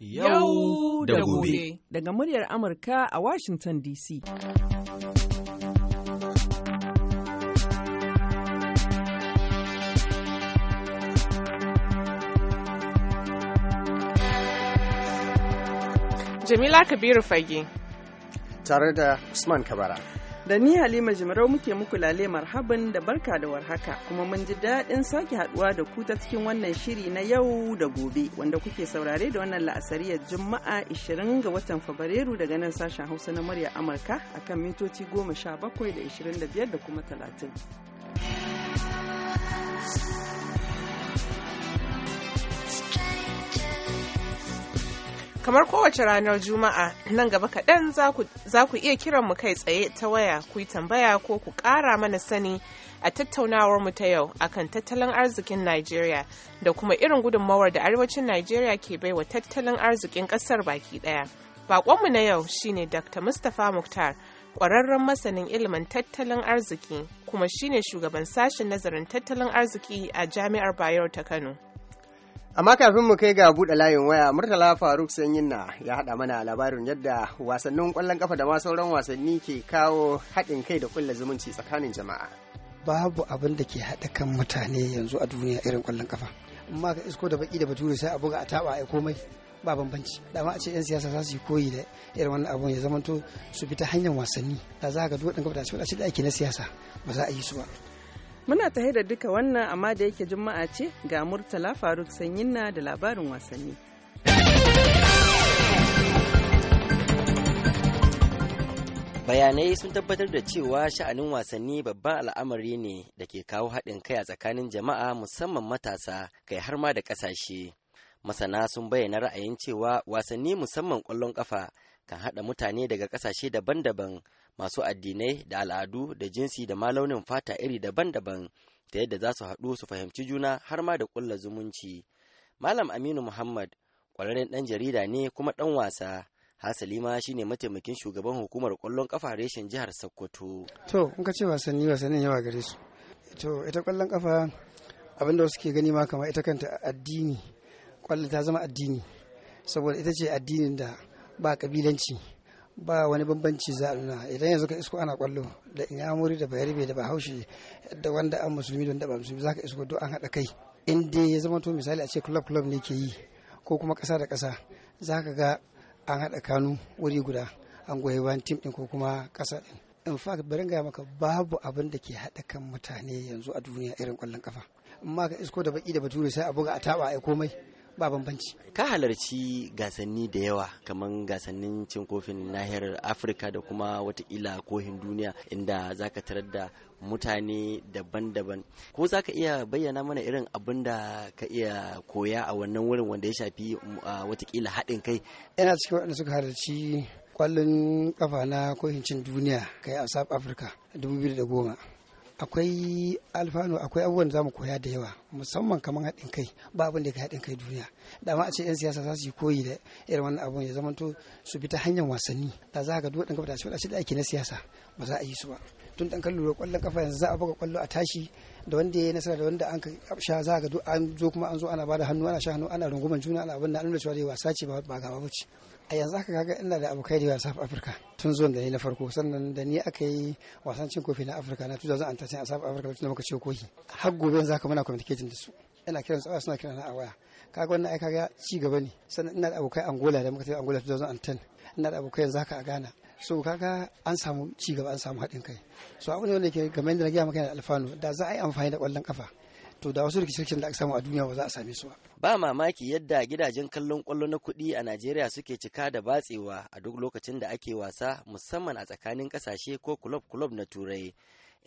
yau da gobe daga muryar Amurka a Washington DC. Jamila Kabiru Fage. Tare da Usman Kabara. Da ni Halima Jimarau muke muku lale marhaban da barka da warhaka kuma mun ji daɗin sake haɗuwa da ku ta cikin wannan shiri na yau da gobe wanda kuke saurare da wannan la'asariyar Juma'a 20 ga watan Fabrairu daga nan sashen Hausa na murya Amurka akan mitoci 17 da 25 da kuma 30. kamar kowace ranar juma'a nan gaba kaɗan za ku iya kiran mu kai tsaye ta waya ku yi tambaya ko ku ƙara mana sani a tattaunawar mu ta yau akan tattalin arzikin Najeriya da kuma irin gudunmawar da arewacin Najeriya ke baiwa tattalin arzikin ƙasar baki ɗaya. Baƙonmu na yau shine Dr. Mustapha Mukhtar, ƙwararren masanin ilimin tattalin arziki kuma shine shugaban sashen nazarin tattalin arziki a Jami'ar Bayero ta Kano. amma kafin mu kai ga buɗe layin waya murtala faruk Sanyinna na ya haɗa mana labarin yadda wasannin ƙwallon ƙafa da ma sauran wasanni ke kawo haɗin kai da ƙulla zumunci tsakanin jama'a babu abin da ke haɗa kan mutane yanzu a duniya irin ƙwallon ƙafa amma ka isko da baki da bature sai a buga a taɓa a komai ba bambanci dama a ce 'yan siyasa za su yi koyi da irin wannan abun ya zamanto su bi ta hanyar wasanni da za ka ga duk waɗanda ba da ake na siyasa ba za a yi su ba Muna tahe da duka wannan amma da yake juma'a ce ga Murtala Faruk Sanyinna da labarin wasanni. Bayanai sun tabbatar da cewa sha'anin wasanni babban al'amari ne da ke kawo haɗin kai a tsakanin jama'a musamman matasa kai har ma da ƙasashe. Masana sun bayyana ra'ayin cewa wasanni musamman ƙwallon ƙafa kan haɗa mutane daga ƙasashe daban-daban masu addinai da al'adu da jinsi da ma launin fata iri daban-daban ta yadda za su haɗu su fahimci juna har ma da ƙulla zumunci. Malam Aminu Muhammad ƙwararren ɗan jarida ne kuma ɗan wasa. Hasali ma shine mataimakin shugaban hukumar ƙwallon ƙafa reshen jihar Sokoto. To, in ka ce wasanni wasannin yawa gare su. To, ita ƙwallon ƙafa abinda wasu ke gani ma kamar ita kanta addini. Ƙwallon ta zama addini. Saboda ita ce addinin da ba ƙabilanci. ba wani bambanci za a nuna idan yanzu ka isko ana kwallo da inyamuri da bayarbe da bahaushe da wanda an musulmi da wanda ba musulmi za ka isko duk an haɗa kai in dai ya zama to misali a ce club club ne ke yi ko kuma ƙasa da ƙasa za ka ga an haɗa kanu wuri guda an goyi wani tim ɗin ko kuma ƙasa ɗin in fact bari gaya maka babu abin da ke haɗa kan mutane yanzu a duniya irin kwallon kafa amma ka isko da baki da bature sai a buga a taɓa a komai ba bambanci ka halarci gasanni da yawa kamar gasannin cin kofin nahiyar afirka da kuma watakila kohin duniya inda za ka tarar da mutane daban-daban ko za ka iya bayyana mana irin abin da ka iya koya a wannan wurin wanda ya shafi watakila haɗin kai yana cikin waɗanda suka halarci kwallon kafa na kohin cin duniya kai a south africa 2010 akwai alfano akwai abubuwan da za mu koya da yawa musamman kamar haɗin kai ba abin da ka haɗin kai duniya da ma a ce 'yan siyasa za su yi koyi da irin wannan abun ya to su bi ta hanyar wasanni da za a ga duwaɗin kafa da shi da ake na siyasa ba za a yi su ba tun ɗan kallon ƙwallon kafa yanzu za a buga ƙwallo a tashi da wanda ya yi nasara da wanda an ka sha za ga an zo kuma an zo ana bada hannu ana sha hannu ana runguman juna ana abin da nuna cewa da wasa ce ba gaba ba ce a yanzu aka kaga ina da abokai da yawa South Africa tun zuwan da ni na farko sannan da ni aka yi wasan cin kofi na Afirka na 2013 a South Africa tun da muka ce koyi har gobe yanzu muna communication meeting da su ina kiran su suna kiran a waya kaga wannan ai kaga ci gaba ne sannan ina da abokai Angola da muka tafi Angola 2010 ina da abokai yanzu haka a Ghana so kaga an samu ci gaba an samu haɗin kai so ne wanda ke game da rage maka da alfanu da za a yi amfani da ƙwallon kafa to da wasu rikice-rikicen da aka samu a duniya ba za a same su ba. Ba mamaki yadda gidajen kallon kwallo na kuɗi a Najeriya suke cika da batsewa a duk lokacin da ake wasa musamman a tsakanin ƙasashe ko kulob-kulob na turai.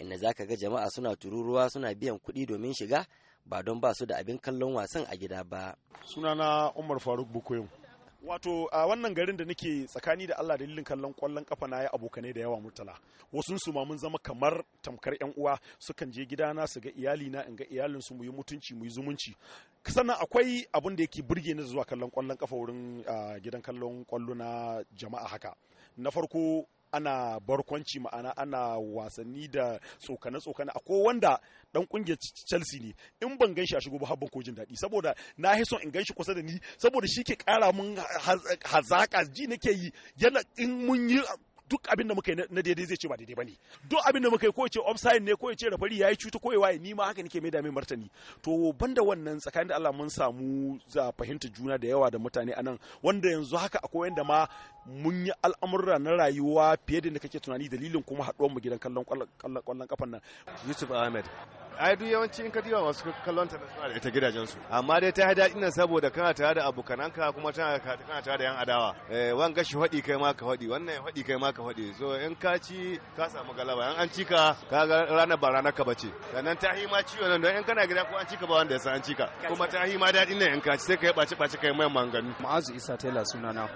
Inda zaka ga jama'a suna tururuwa suna biyan kuɗi domin shiga ba don ba su da abin kallon wasan a gida ba. Sunana Umar Faruk Bukoyin. Wato a wannan garin da nake tsakani da Allah dalilin kallon kwallon kafa na ya abokanai da yawa murtala. Wasu su ma mun zama kamar tamkar yan uwa sukan je gida na su ga iyali na in ga iyalin su mu yi mutunci mu yi zumunci. sannan akwai abin da yake burge ni zuwa kallon kwallon kafa wurin gidan kallon kwallo na jama'a haka. Na farko ana barkwanci ma'ana ana wasanni da tsokane tsokane akwai wanda dan kungiyar Chelsea ne in ban ganshi a shigo ba habban kojin daɗi saboda na hi son in ganshi kusa da ni saboda shi ke ƙara mun hazaka ji nake yi yana in mun yi duk abin da muka yi na daidai zai ce ba daidai bane duk abin da muka yi ko ce offside ne ko ya ce rafari yayi cuta ko waye ni ma haka nake mai da mai martani to banda wannan tsakanin da Allah mun samu za fahimta juna da yawa da mutane anan wanda yanzu haka akwai wanda ma mun yi al'amurra na rayuwa fiye da kake tunani dalilin kuma haɗuwar mu gidan kallon kwallon kafan nan Yusuf Ahmed ai duk yawanci in ka diba masu kallon ta da ita gidajen su amma dai ta hada ina saboda kana tare da abukananka kuma tana kana tare da yan adawa eh wan gashi hodi kai ma ka hodi wannan hodi kai ma ka hodi so in ka ci ka samu galaba in an ci ka ka ga ranar ba ranar ka bace sannan ta hima ma wannan nan don in kana gida ko an ci ka ba wanda ya san an ci ka kuma ta hima ma daɗin nan in ka ci sai ka yi ɓaci ɓaci kai mai manganu ma'azu isa taylor sunana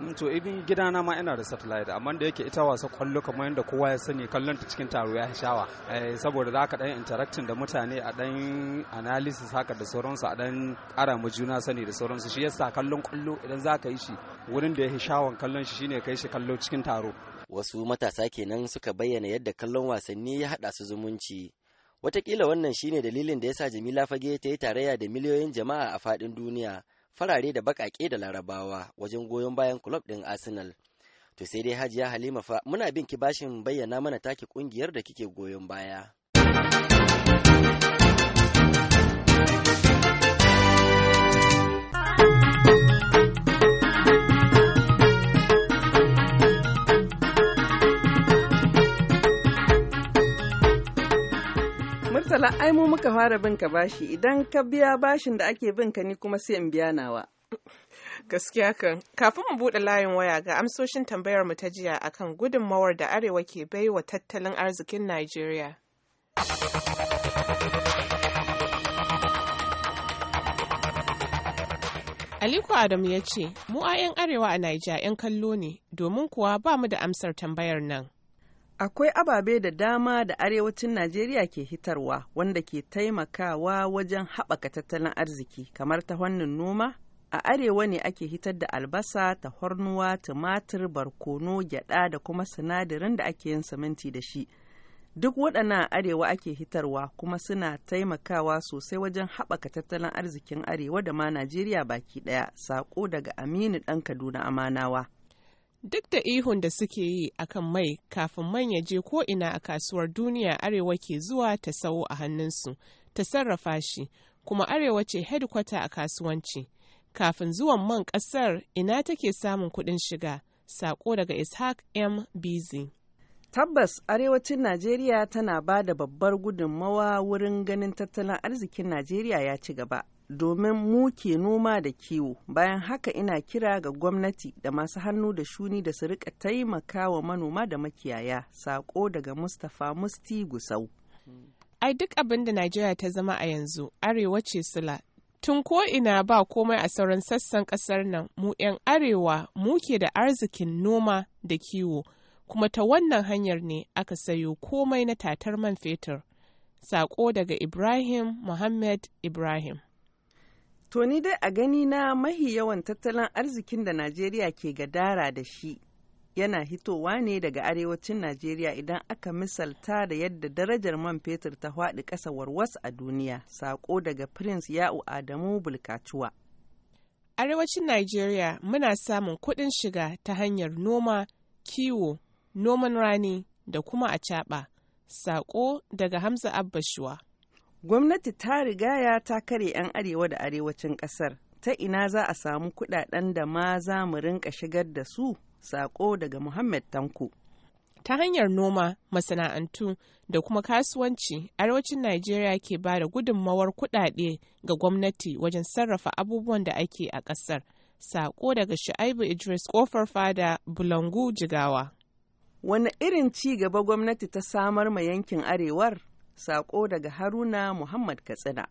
Mm, to even gidana ma ina da satellite amma da yake ita wasa kwallo kamar yadda kowa ya sani kallon ta cikin taro ya shawa eh, saboda za ka dan interacting da mutane a dan analysis haka da sauransu a dan kara mu juna sani da sauransu shi yasa kallon kwallo idan za ka yi shi wurin da ya shawan kallon shi shine kai shi kallo cikin taro wasu matasa kenan suka bayyana yadda kallon wasanni ya hada su zumunci Wataƙila wannan shine dalilin da ya sa Jamila Fage ta yi tarayya da miliyoyin jama'a a faɗin duniya farare da Bakake da larabawa wajen goyon bayan kulob ɗin arsenal to sai dai hajiya halima fa muna bin ki bashin bayyana mana take ƙungiyar da kike goyon baya Murtala ai mu muka fara bin ka bashi idan ka biya bashin da ake bin ka ni kuma sai in biya nawa. Gaskiya kan. Kafin mu buɗe layin waya ga amsoshin tambayar mu ta jiya akan gudunmawar da Arewa ke bai wa tattalin arzikin Najeriya. Aliko Adamu ya ce, Mu a 'yan Arewa a Naija 'yan kallo ne, domin kuwa ba mu da amsar tambayar nan. Akwai ababe da dama da arewacin Najeriya ke hitarwa wanda ke taimakawa wajen haɓaka tattalin arziki kamar ta hannun noma. A arewa ne ake hitar da albasa, tahornuwa, tumatir, barkono, gyada da kuma sinadarin da ake yin siminti da shi. Duk waɗannan arewa ake hitarwa kuma suna taimakawa sosai wajen haɓaka tattalin arzikin arewa da ma Najeriya baki ɗaya. saƙo daga Aminu ɗan Kaduna Amanawa. duk da ihun da suke yi akan mai kafin man ya je ko'ina a kasuwar duniya arewa ke zuwa ta sawo a hannunsu ta sarrafa shi kuma arewa ce hedikwata a kasuwanci kafin zuwan man ƙasar ina take samun kuɗin shiga sako daga ishaq m bizi tabbas arewacin najeriya tana ba da babbar gudunmawa wurin ganin tattalin arzikin najeriya ya ci gaba domin mu ke noma da kiwo bayan haka ina kira ga gwamnati da masu hannu da shuni da su rika taimakawa manoma da makiyaya sako daga mustapha musti gusau ai duk abin da najeriya ta zama a yanzu arewa ce sula tun ko ina ba komai a sauran sassan kasar nan mu 'yan arewa mu ke da arzikin noma da kiwo kuma ta wannan hanyar ne aka sayo komai na tatar man fetur sako daga ibrahim muhammad ibrahim To ni dai a gani na mahi yawan tattalin arzikin da Najeriya ke gadara da shi yana hitowa ne daga arewacin Najeriya idan aka misalta da yadda darajar man fetur ta haɗi ƙasa warwas a duniya, saƙo daga Prince Ya'u Adamu Bulkacuwa. Arewacin Najeriya muna samun kuɗin shiga ta hanyar noma, kiwo, noman rani da kuma acaɓa, sako daga Hamza Abbashuwa. Gwamnati ta rigaya ta kare 'yan arewa da arewacin ƙasar, ta ina za a samu kuɗaɗen da ma za mu rinka shigar da su, saƙo daga Muhammad Tanko. ta hanyar noma masana'antu da kuma kasuwanci arewacin najeriya ke ba da gudunmawar kuɗaɗe ga gwamnati wajen sarrafa abubuwan da ake a ƙasar sako daga shu'aibu idris kofar fada bulangu jigawa wani irin ci gaba gwamnati ta samar ma yankin arewar Sako daga Haruna Muhammad Katsina.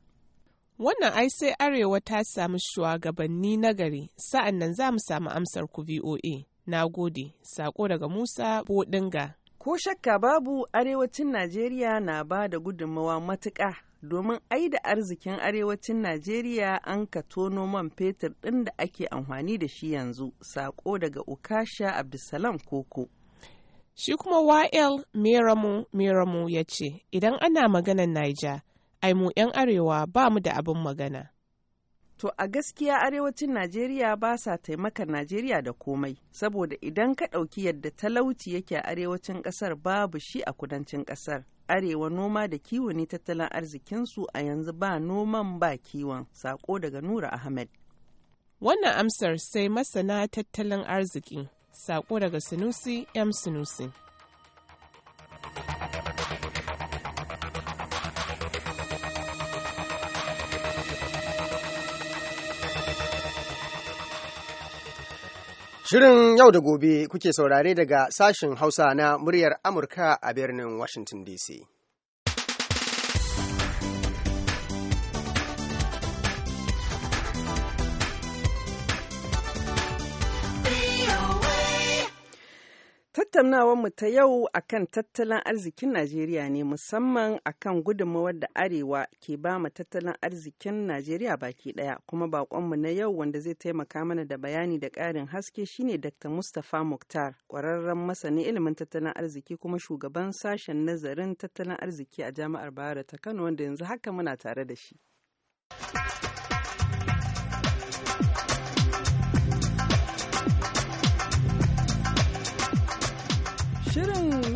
Wannan ai sai Arewa ta samu shugabanni nagari, sa'an nan za mu samu amsar ku VOA. Na gode, sako daga Musa Bodinga. Ko shakka babu Arewacin Najeriya na ba da gudunmawa matuƙa domin ai da arzikin Arewacin Najeriya an ka tono man fetur ɗin da ake amfani da shi yanzu, sako daga Ukasha Abdulsalam Koko. Shi kuma YL Meramu Meramu ya ce, Idan ana maganan Naija, ai mu 'yan arewa ba mu da abin magana. To a gaskiya arewacin Najeriya ba sa taimakar Najeriya da komai, saboda idan ka ɗauki yadda talauci yake a arewacin ƙasar babu shi a kudancin ƙasar. Arewa noma da kiwo ne tattalin arzikinsu a yanzu ba noman ba kiwon, sako daga Nura Ahmed. Wannan amsar sai masana tattalin arziki Saƙo daga Sunusi M. Sunusi. Shirin yau da gobe kuke saurare daga sashen Hausa na muryar Amurka a birnin Washington DC. mu ta yau akan tattalin arzikin Najeriya ne musamman akan gudunmawar da Arewa ke ba mu tattalin arzikin Najeriya baki ɗaya kuma baƙonmu na yau wanda zai taimaka mana da bayani da ƙarin haske shine Dr. Mustapha Mukhtar, ƙwararren masanin ilimin tattalin arziki kuma shugaban sashen nazarin tattalin arziki a Jami'ar Bayero ta Kano wanda yanzu haka muna tare da shi.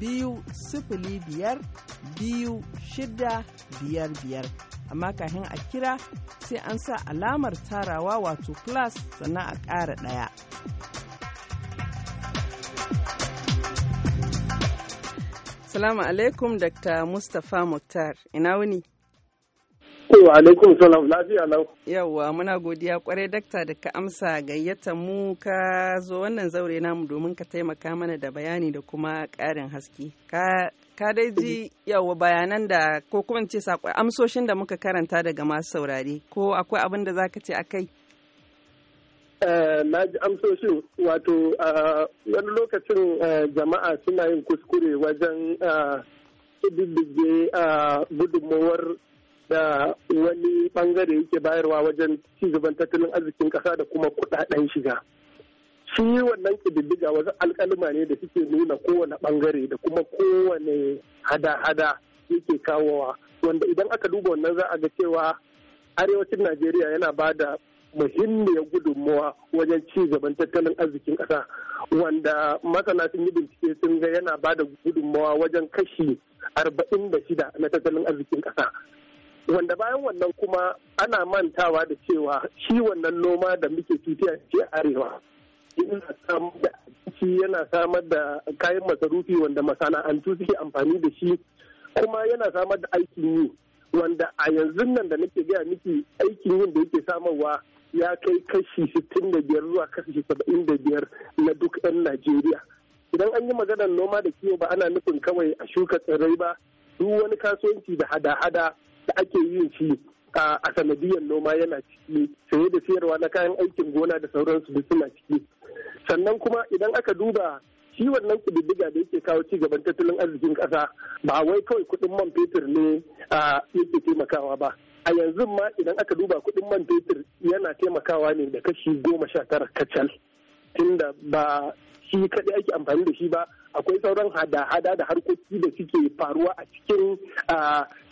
biyu sifili biyar biyu shida biyar biyar amma kafin a kira sai an sa alamar tarawa wato class sannan a ƙara ɗaya. Salamu alaikum Dr. Mustapha Mukhtar, ina wuni? Wa alaikum salam lafiya lau. Yawwa muna godiya kwarai dakta da ka amsa gayyata mu ka zo wannan zaure namu domin ka taimaka mana da bayani da kuma ƙarin haske. Ka ka dai ji yawwa bayanan da ko kuma ce amsoshin da muka karanta daga masu saurari ko akwai abin da zaka ce akai? Eh, na ji amsoshin wato wani lokacin eh, jama'a suna yin kuskure wajen a eh, gudunmawar da wani bangare yake bayarwa wajen cigaban tattalin arzikin ƙasa da kuma kuɗaɗen shiga. Shi wannan ƙididdiga wasu alƙaluma ne da suke nuna kowane bangare da kuma kowane hada-hada yake kawowa. Wanda idan aka duba wannan za a ga cewa arewacin Najeriya yana ba da muhimmiyar gudunmuwa wajen ci tattalin arzikin ƙasa wanda masana sun yi bincike sun ga yana ba da gudunmuwa wajen kashi arba'in da shida na tattalin arzikin ƙasa wanda bayan wannan kuma ana mantawa da cewa shi wannan noma da muke tutiya ce arewa yana samar da shi yana samar da kayan masarufi wanda masana'antu suke amfani da shi kuma yana samar da aikin yi wanda a yanzu nan da nake gaya miki aikin yin da yake samarwa ya kai kashi sittin da biyar zuwa kashi saba'in da biyar na duk 'yan najeriya idan an yi maganar noma da kiwo ba ana nufin kawai a shuka tsirrai ba duk wani kasuwanci da hada-hada da ake yin shi a sanadiyar noma yana ciki saye da sayarwa na kayan aikin gona da sauransu da suna ciki sannan kuma idan aka duba shi wannan kudiddiga da yake kawo ci gaban tattalin arzikin ƙasa ba wai kawai kuɗin man fetur ne yake taimakawa ba a yanzu ma idan aka duba kuɗin man fetur yana taimakawa ne da kashi goma sha tara kacal tunda ba shi kaɗai ake amfani da shi ba akwai sauran hada-hada da harkoki da suke faruwa a cikin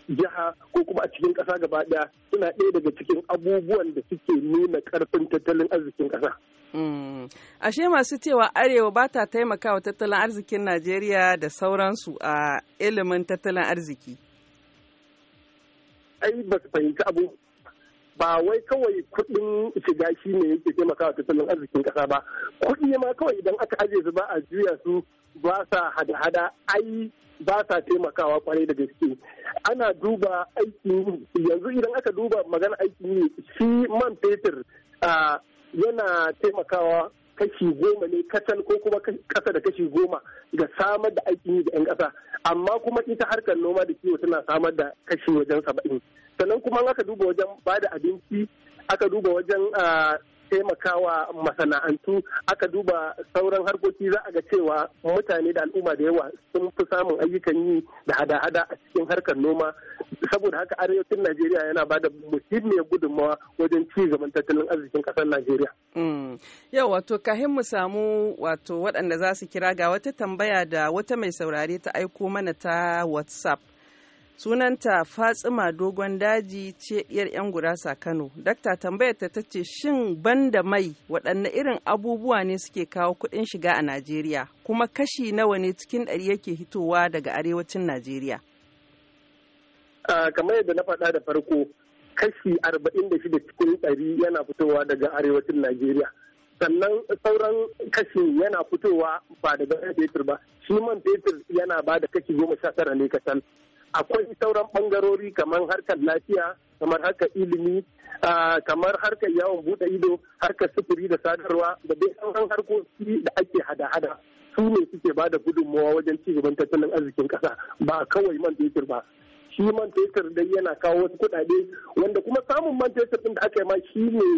jiha ko kuma a cikin kasa gaba ɗaya suna ɗaya daga cikin abubuwan da suke nuna karfin tattalin arzikin kasa hmm. Ashe masu cewa Arewa ba ta taimakawa tattalin arzikin Najeriya da sauransu a ilimin tattalin arziki. Ai ba su fahimci abu ba wai kawai kuɗin shiga shi ne yake taimakawa tattalin arzikin ƙasa ba kuɗi ma kawai idan aka ajiye su ba a juya su ba sa hada-hada ai ba sa taimakawa kwarai da gaske ana duba aikin yanzu idan aka duba magana aikin yi shi man fetur yana taimakawa kashi goma ne kacal ko kuma kasa da kashi goma ga samar da aikin yi ga 'yan ƙasa amma kuma ita harkar noma da kiwo tana samar da kashi wajen saba'in sannan kuma aka duba wajen ba da abinci aka duba wajen taimakawa masana'antu aka duba sauran harkoki za a ga cewa mutane da al'umma da yawa sun fi samun ayyukan yi da hada-hada a cikin harkar noma saboda haka arewacin najeriya yana ba da muhimmiyar gudunmawa wajen ci gaban tattalin arzikin kasar najeriya mm. yau wato kahin mu samu wato waɗanda za su kira ga wata tambaya da wata mai saurare ta aiko mana ta whatsapp sunanta fatsima dogon daji ce yar yan gurasa kano dakta tambayar ta tace shin banda mai waɗanne irin abubuwa ne suke kawo kuɗin shiga a najeriya kuma kashi nawa ne cikin ɗari yake hitowa daga arewacin najeriya kamar yadda na faɗa da farko kashi arba'in da shida cikin ɗari yana fitowa daga arewacin najeriya sannan sauran kashi yana fitowa ba daga fetur ba shi man fetur yana ba da kashi goma sha tara ne kasan akwai sauran bangarori kamar harkar lafiya kamar harkar ilimi kamar harkar yawon bude ido harkar sufuri da sadarwa da dai sauran harkoki da ake hada-hada su ne suke ba da gudunmawa wajen ci gaban tattalin arzikin kasa ba kawai man fetur ba shi man fetur dai yana kawo wasu kuɗaɗe wanda kuma samun man fetur din da aka yi ma shi ne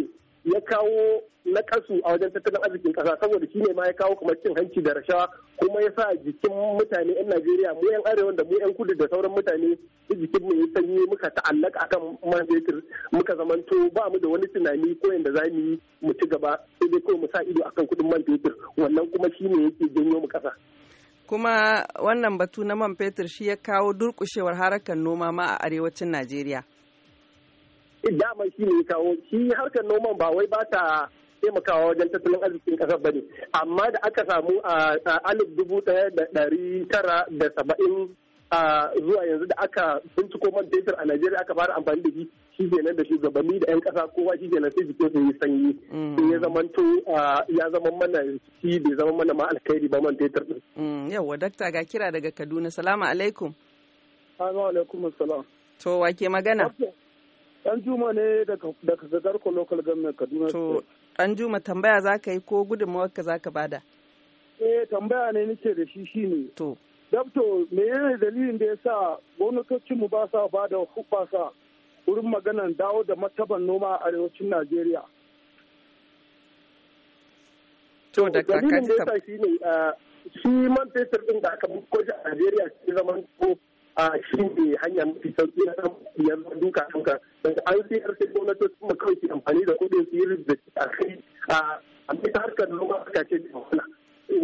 ya kawo nakasu a wajen tattalin arzikin kasa saboda shi ne ma ya kawo kamar cin hanci da rashawa kuma ya sa jikin mutane 'yan Najeriya mu 'yan arewa da mu 'yan kudu da sauran mutane jikin mu ya sanyi muka ta'allaka akan man fetur muka zamanto ba mu da wani tunani ko yanda za mu yi mu ci gaba sai dai kawai mu sa ido akan kudin man fetur wannan kuma shi ne yake janyo mu kasa. Kuma wannan batu na man fetur shi ya kawo durƙushewar harakan noma ma a arewacin Najeriya. dama shi ne kawo shi harkar noman ba wai ba ta taimakawa wajen tattalin arzikin kasar ba ne amma da aka samu a alif dubu daya da dari tara da saba'in zuwa yanzu da aka binciko man fetur a Najeriya aka fara amfani da shi shi kenan da shugabanni da 'yan kasa kowa shi kenan sai jikin su yi sanyi mm. in ya to ya zama mana shi bai zama mana ma alkhairi ba man fetur din. Mm, Yawwa dakta ga kira daga Kaduna salamu alaikum. Salamu alaikum salam. To wa ke magana? Dan Juma ne daga Gagarko Local Government Kaduna. To, Dan Juma tambaya za ka yi ko gudunmawar ka za ka bada? Eh, tambaya ne nake da shi ne. To. Dabto, me yana dalilin da ya sa gwamnatocinmu ba sa ba da hubbasa wurin maganan dawo da martaban noma a arewacin Najeriya? To, da kakaji Dalilin da ya sa shi ne, eh, shi man fetur ɗin da aka bukko a Najeriya shi zaman ko a cikin da hanya mafi sauki na yan duka duka daga an siyar sai gwamnatocin mu kawai ke amfani da kuɗin su yi da a kai a bisa harkar noma aka ce da wahala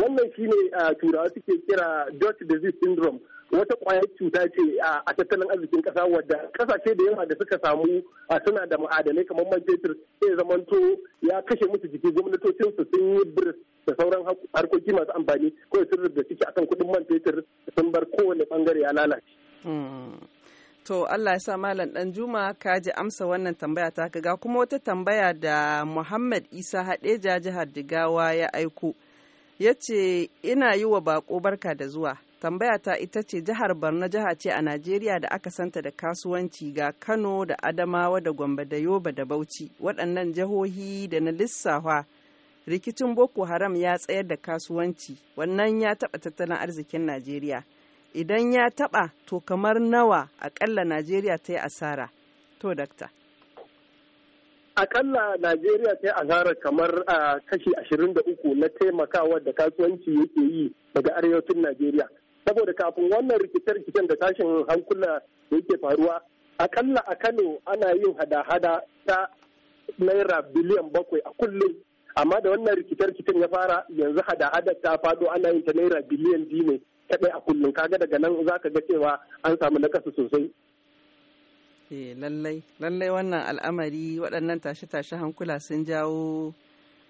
wannan shi ne turawa suke kira dot disease syndrome wata kwayar cuta ce a tattalin arzikin kasa wadda kasashe da yawa da suka samu A suna da ma'adanai kamar man fetur sai zamanto ya kashe musu jiki gwamnatocin su sun yi birs da sauran harkoki masu amfani kawai sun da ciki akan kuɗin man fetur sun bar kowane bangare ya lalace Mm. To Allah ya sa Malam Dan Juma ka ji amsa wannan tambaya ta ga kuma wata tambaya da Muhammad Isa Hadeja jihar digawa ya aiko. Ya ce ina yi wa bako barka da zuwa. Tambaya ta ita ce jihar Borno jiha ce a Najeriya da aka santa da kasuwanci ga Kano da Adamawa da Gombe da Yoba da Bauchi. Waɗannan jihohi da na lissafa rikicin Boko Haram ya tsayar da kasuwanci. Wannan ya taɓa tattalin arzikin Najeriya. idan ya taɓa to kamar nawa akalla Najeriya ta yi asara? To, dakta. Akalla Najeriya ta yi asara kamar a kashi ashirin uku na taimakawa da kasuwanci yake yi daga arewacin Najeriya. Saboda kafin wannan rikice-rikicen da tashin hankula da yake faruwa, akalla a Kano ana yin hada-hada ta naira biliyan bakwai a kullum amma da wannan rikice-rikicen ya fara yanzu hada-hadar ta faɗo ana yin ta naira biliyan biyu ne ta ɗaya a kullum kaga daga nan za ka ga cewa an samu nakasa sosai eh, lallai lallai wannan al'amari waɗannan tashe-tashe hankula sun jawo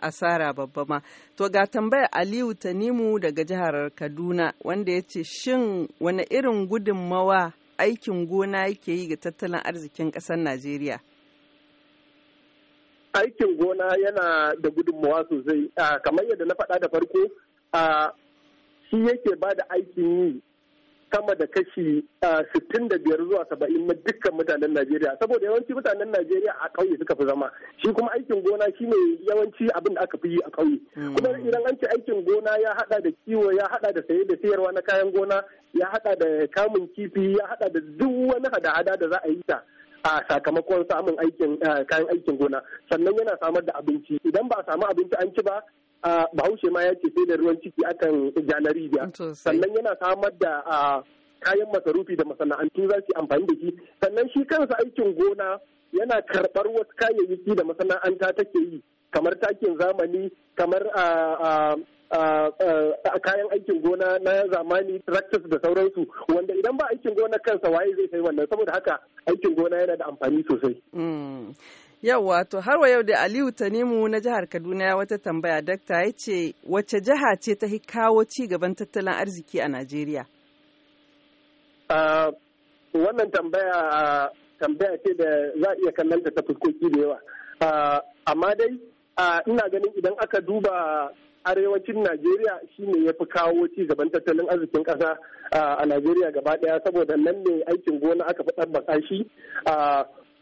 asara babba ma to ga tambayar aliyu tanimu daga jihar kaduna wanda ya ce shin wani irin gudunmawa aikin gona yake yi ga tattalin arzikin ƙasar najeriya aikin gona yana da gudunmawa sosai ah, kamar yadda na faɗa da farko ah, shi yake ba da aikin yi sama da kashi sittin da biyar zuwa saba'in na dukkan mutanen Najeriya saboda yawanci mutanen Najeriya a ƙauye suka fi zama shi kuma aikin gona shi ne yawanci abin da aka fi yi a ƙauye hmm. kuma idan an ce aikin gona ya hada da kiwo ya hada da saye da sayarwa na kayan gona ya hada da kamun kifi ya hada da duk wani hada-hada da za a yi ta a sakamakon samun aikin kayan aikin gona sannan yana samar da abinci idan ba a samu abinci an ci ba bahaushe ma ya ce sai da ruwan ciki akan janari sannan yana samar da kayan masarufi da masana'antu za su amfani da shi sannan shi kansa aikin gona yana karɓar wasu kayayyaki da masana'anta take yi kamar takin zamani kamar a kayan aikin gona na zamani tractors da sauransu wanda idan ba aikin gona kansa waye zai sai wannan saboda haka aikin gona yana da amfani sosai. Mm. Yau to har wa yau da Aliyu Tanimu na jihar Kaduna ya wata tambaya dakta ya ce wace jiha ce ta kawo ci gaban tattalin arziki a Najeriya? Wannan tambaya tambaya ce da za a iya kallon ta ta fuskoki da yawa. Amma dai ina ganin idan aka duba arewacin Najeriya ne ya fi kawo ci gaban tattalin arzikin ƙasa a Najeriya gaba ɗaya saboda nan ne aikin gona aka fi tabbata shi.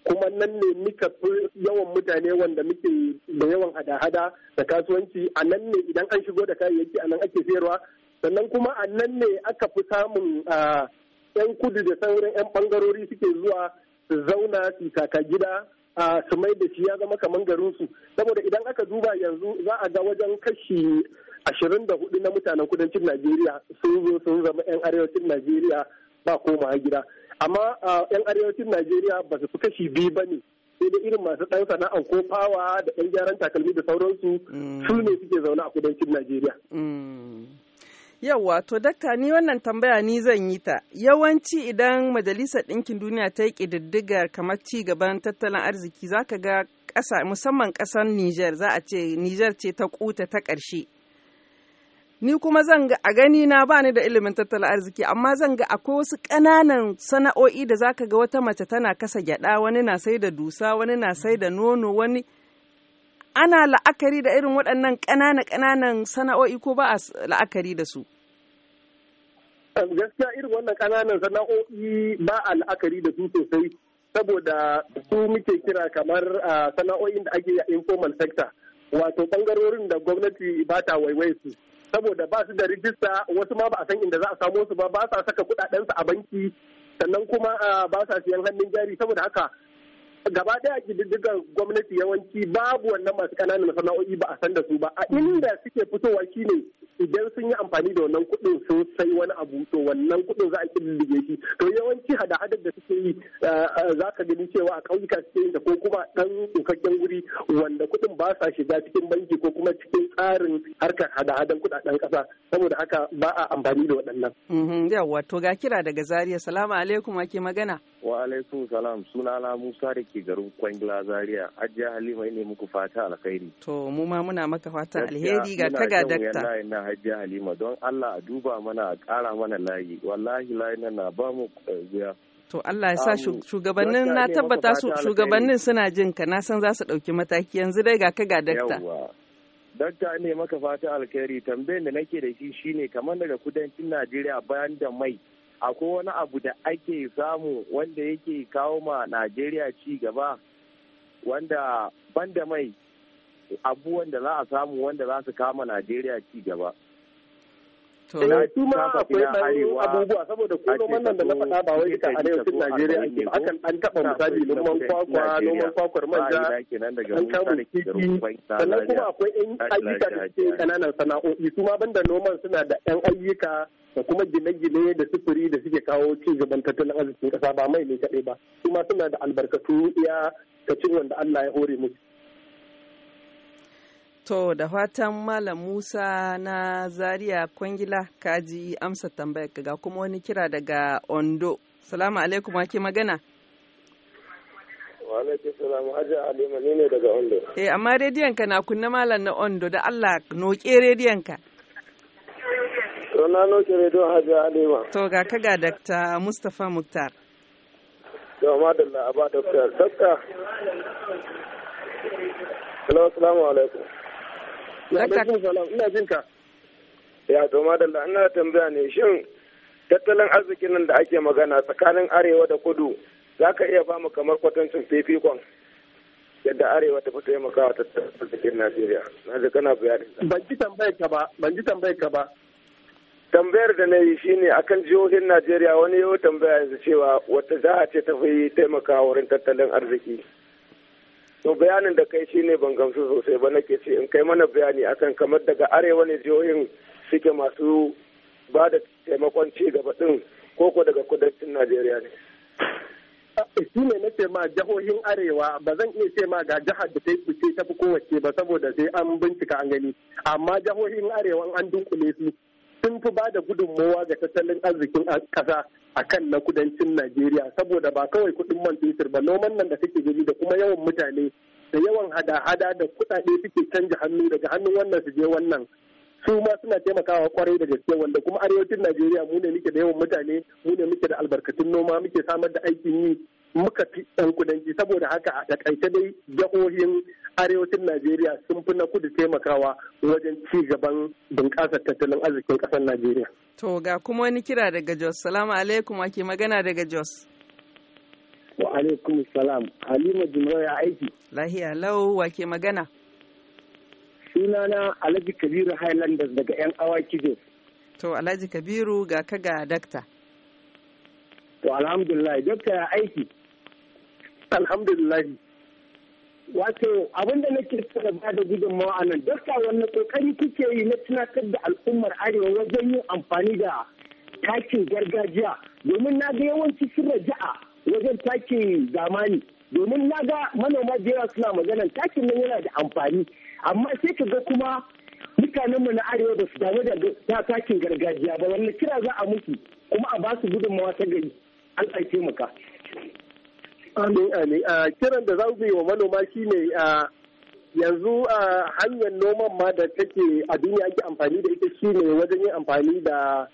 kuma nan ne muka fi yawan mutane wanda muke da yawan hada-hada da kasuwanci a nan ne idan an shigo da kayayyaki a nan ake sayarwa sannan kuma a nan ne aka fi samun yan kudu da sauran yan bangarori suke zuwa su zauna su kaka gida su mai da shi ya zama kamar garin su saboda idan aka duba yanzu za a ga wajen kashi ashirin da hudu na mutanen kudancin najeriya sun zo sun zama yan arewacin najeriya ba koma gida amma yan arewacin najeriya ba su fi kashi biyu ba ne sai dai irin masu ɗan sana'an ko fawa da ɗan gyaran takalmi da sauransu mm. su ne suke zaune a kudancin najeriya mm. Yawwa, to dakta ni wannan tambaya ni zan yi ta. Yawanci idan Majalisar Ɗinkin Duniya ta yi ƙididdigar kamar ci gaban tattalin arziki za ka ga ƙasa musamman ƙasar niger za a ce niger ce ta ƙuta ta ƙarshe ni kuma zan ga a gani na bani da ilimin tattalin arziki amma zan ga akwai wasu ƙananan sana'o'i da zaka ga wata mace tana kasa gyada wani na sai da dusa wani na sai da nono wani ana la'akari da irin waɗannan kanana ƙananan sana'o'i ko ba a la'akari da su gaskiya irin wannan ƙananan sana'o'i ba a la'akari da su sosai saboda su muke kira kamar sana'o'in da ake informal sector wato bangarorin da gwamnati ba ta waiwai su saboda ba su da rijista wasu ma ba a san inda za a samo su ba ba sa saka su a banki sannan kuma ba sa siyan hannun jari saboda haka gaba daya kididdigar gwamnati yawanci babu wannan masu ƙananan sana'o'i ba a san da su ba a mm. inda suke fitowa shine idan sun yi amfani da wannan kuɗin sosai wani abu to wannan kuɗin za a killige shi to yawanci hada-hadar da suke yi eh, eh, za ka gani cewa a ƙauyuka suke yin da ko kuma ɗan tsufakken wuri wanda kuɗin ba sa shiga cikin banki ko kuma cikin tsarin harkar hada-hadan kuɗaɗen ƙasa saboda haka ba a amfani da waɗannan. Mm-hmm, yawwa to ga kira daga zaria salamu alaikum ake magana. wa alaikum salam na musa da ke garin kwangila zaria ajiya halima ne muku fata alkhairi. to mu ma muna maka fata alheri ga ta dakta. hajiya halima don allah a duba mana a kara mana layi wallahi layi na na ba mu eh, to allah ya sa shugabannin na tabbata su shugabannin suna jin ka na san za su ɗauki mataki yanzu dai ga ka ga dakta dakta ne maka fata alkhairi tambayar da nake da shi shine kamar daga kudancin najeriya bayan da mai akwai wani abu da ake samu wanda yake kawo ma najeriya ci gaba wanda banda mai abubuwan da za a samu wanda za su kama najeriya ci gaba na eh, su ma akwai ɗan abubuwa saboda ko noman nan da na faɗa ba wai duka arewacin Najeriya ake ba akan an taɓa misali noman kwakwa noman kwakwar manja an sannan kuma akwai ƴan ayyuka da suke ƙananan sana'o'i su ma banda noman suna da ƴan ayyuka da kuma gine-gine da sufuri da suke kawo ci gaban tattalin arzikin ƙasa ba mai ne kaɗai ba su ma suna da albarkatu iya kacin wanda Allah ya hore musu. To da fatan Malam Musa na Zaria Kwangila kaji amsa tambayar ga kuma wani kira daga Ondo. Salamu alaikum wake magana. Wa alaikum salam Hajji Halima ni ne daga Ondo. Eh amma rediyon ka na kunna Malam na Ondo da Allah noke rediyon ka. To na noke rediyon Hajji Halima. To ga kaga Dr. Mustapha Muktar. To madalla a ba Dr. Dr. Salamu alaikum. ina jin ka ya to madalla ina tambaya ne shin tattalin arzikin nan da ake magana tsakanin arewa da kudu za ka iya bamu kamar kwatancin fifikon yadda arewa ta fi taimaka wa tattalin arzikin najeriya na ji kana bayani ban ji tambayar ka ba ban ji tambayar ka ba tambayar da na yi shine akan jihohin najeriya wani yau tambaya yanzu cewa wata jiha ce ta fi taimaka wurin tattalin arziki to bayanin da kai shine ban gamsu sosai ba nake ce in kai mana bayani akan kamar daga arewa ne jihohin suke masu ba da taimakon ci gaba din koko daga kudancin najeriya ne shi ne nake ma jihohin arewa ba zan iya ce ma ga jihar da ta yi ta fi kowace ba saboda sai an bincika an gani amma jihohin arewa an dunkule su sun fi ba da gudunmowa ga tattalin arzikin ƙasa a kan na kudancin Najeriya saboda ba kawai kuɗin man fetur ba noman nan da take gani da kuma yawan mutane da yawan hada-hada da kuɗaɗe suke canja hannu daga hannun wannan su je wannan su ma suna taimakawa kwarai da gaske wanda kuma arewacin Najeriya mu ne muke da yawan mutane mu ne muke da albarkatun noma muke samar da aikin yi muka fi ɗan kudanci saboda haka a takaice dai jahohin arewacin najeriya sun fi na kudu taimakawa wajen ci gaban bunƙasar tattalin arzikin ƙasar najeriya to ga kuma wani kira daga jos salamu alaikum ake magana daga jos wa alaikum salam halima jimrai ya aiki lahiya lau wa ke magana sunana alhaji kabiru highlanders daga yan awaki jos to alhaji kabiru ga ka ga dakta to alhamdulillah dokta ya aiki alhamdulillahi wato da nake tsara ba da gudunmawa a nan dukka wannan kokari kuke yi na tunatar da al'ummar arewa wajen yin amfani da takin gargajiya domin na ga yawanci sun raja'a wajen takin zamani domin na ga manoma da yawa suna magana takin nan yana da amfani amma sai ka ga kuma mutanenmu na arewa ba su damu da takin gargajiya ba wannan kira za a musu kuma a ba su gudunmawa ta gari an ɗauke maka Amin, a ah, Kiran da za ku yi wa manoma shi a ah, yanzu ah, hanyar noman ma da take a duniya ake amfani da ita shi ne wajen yin amfani da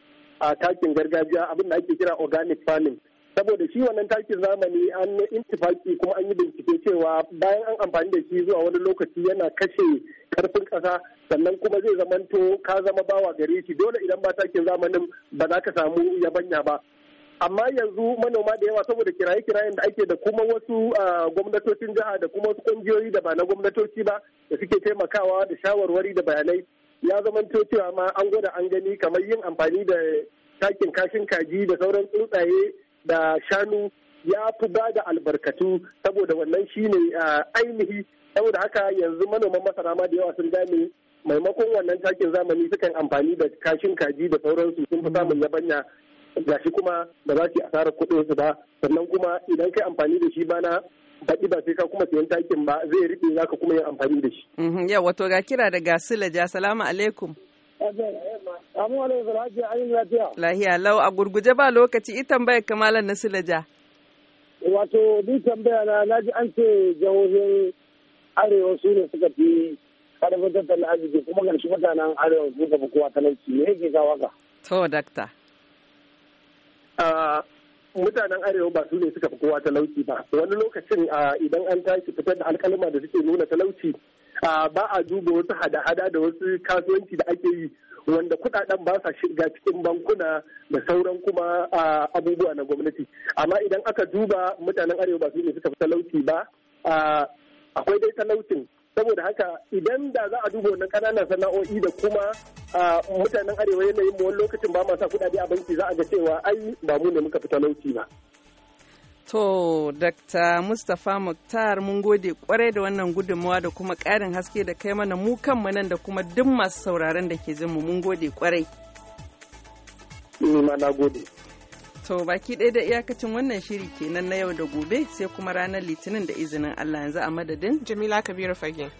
a takin gargajiya abin da ake kira organic farming. Saboda shi wannan takin zamani an intifaki kuma an yi bincike cewa bayan an amfani da shi zuwa wani lokaci yana kashe karfin kasa sannan kuma zai zamanto ka zama bawa gare shi dole idan ba takin zamanin ba za ka samu yabanya ba. amma yanzu manoma da yawa saboda kiraye-kirayen da ake da kuma wasu gwamnatocin jiha da kuma wasu kungiyoyi da ba na gwamnatoci ba da suke taimakawa da shawarwari da bayanai ya zamanto cewa ma an gwada an gani kamar yin amfani da takin kashin kaji da sauran tsuntsaye da shanu ya fi ba da albarkatu saboda wannan shi ne ainihi saboda haka yanzu manoman masara ma da yawa sun gane maimakon wannan takin zamani sukan amfani da kashin kaji da sauransu sun fi samun yabanya gashi kuma ba za ki asarar kuɗin su ba sannan kuma idan kai amfani da shi ba na baki ba sai ka kuma sayan takin ba zai riƙe za ka kuma yin amfani da shi. Mhm, yau wato ga kira daga Silaja salamu alaikum. Lahiya lau a gurguje ba lokaci ita tambayar kamalan na Silaja. Wato ni tambaya na na ji an ce jahohin arewa su ne suka fi karfin tattalin arziki kuma ƙarshe mutanen arewa su ka fi kowa talauci ne ke kawo ka? To dakta. mutanen arewa ba su ne suka fi kowa talauci ba wani lokacin idan an tashi fitar da alkalima da suke nuna talauci ba a duba wasu hada-hada da wasu kasuwanci da ake yi wanda kudaden ba sa shiga cikin bankuna da sauran kuma abubuwa na gwamnati amma idan aka duba mutanen arewa ba su ne suka fi talauci ba akwai dai talaucin saboda haka idan da za a duba wannan kananan sana'o'i da kuma mutanen arewa yanayin mu wani lokacin ba ma sa kuɗaɗe a banki za a ga cewa ai ba mu ne muka fita lauci ba. To, Dr. Mustapha Muktar mun gode kwarai da wannan gudunmawa da kuma ƙarin haske da kai mana mu kanmu nan da kuma duk masu sauraron da ke jinmu mun gode kwarai. Ni na gode. To baki ɗaya da iyakacin wannan shiri kenan na yau da gobe sai kuma ranar litinin da izinin Allah yanzu a madadin. Jamila Kabiru Fage.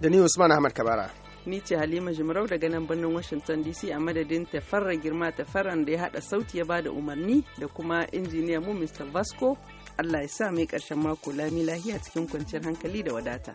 Da ni Usman Ahmad Kabara. Ni ce Halima Jimarau daga nan birnin Washington DC a madadin tafarra girma tafarran da ya haɗa sauti ya bada umarni da kuma injiniya mu Mr. Vasco. Allah ya sa mai karshen mako lami lahiya cikin kwanciyar hankali da wadata.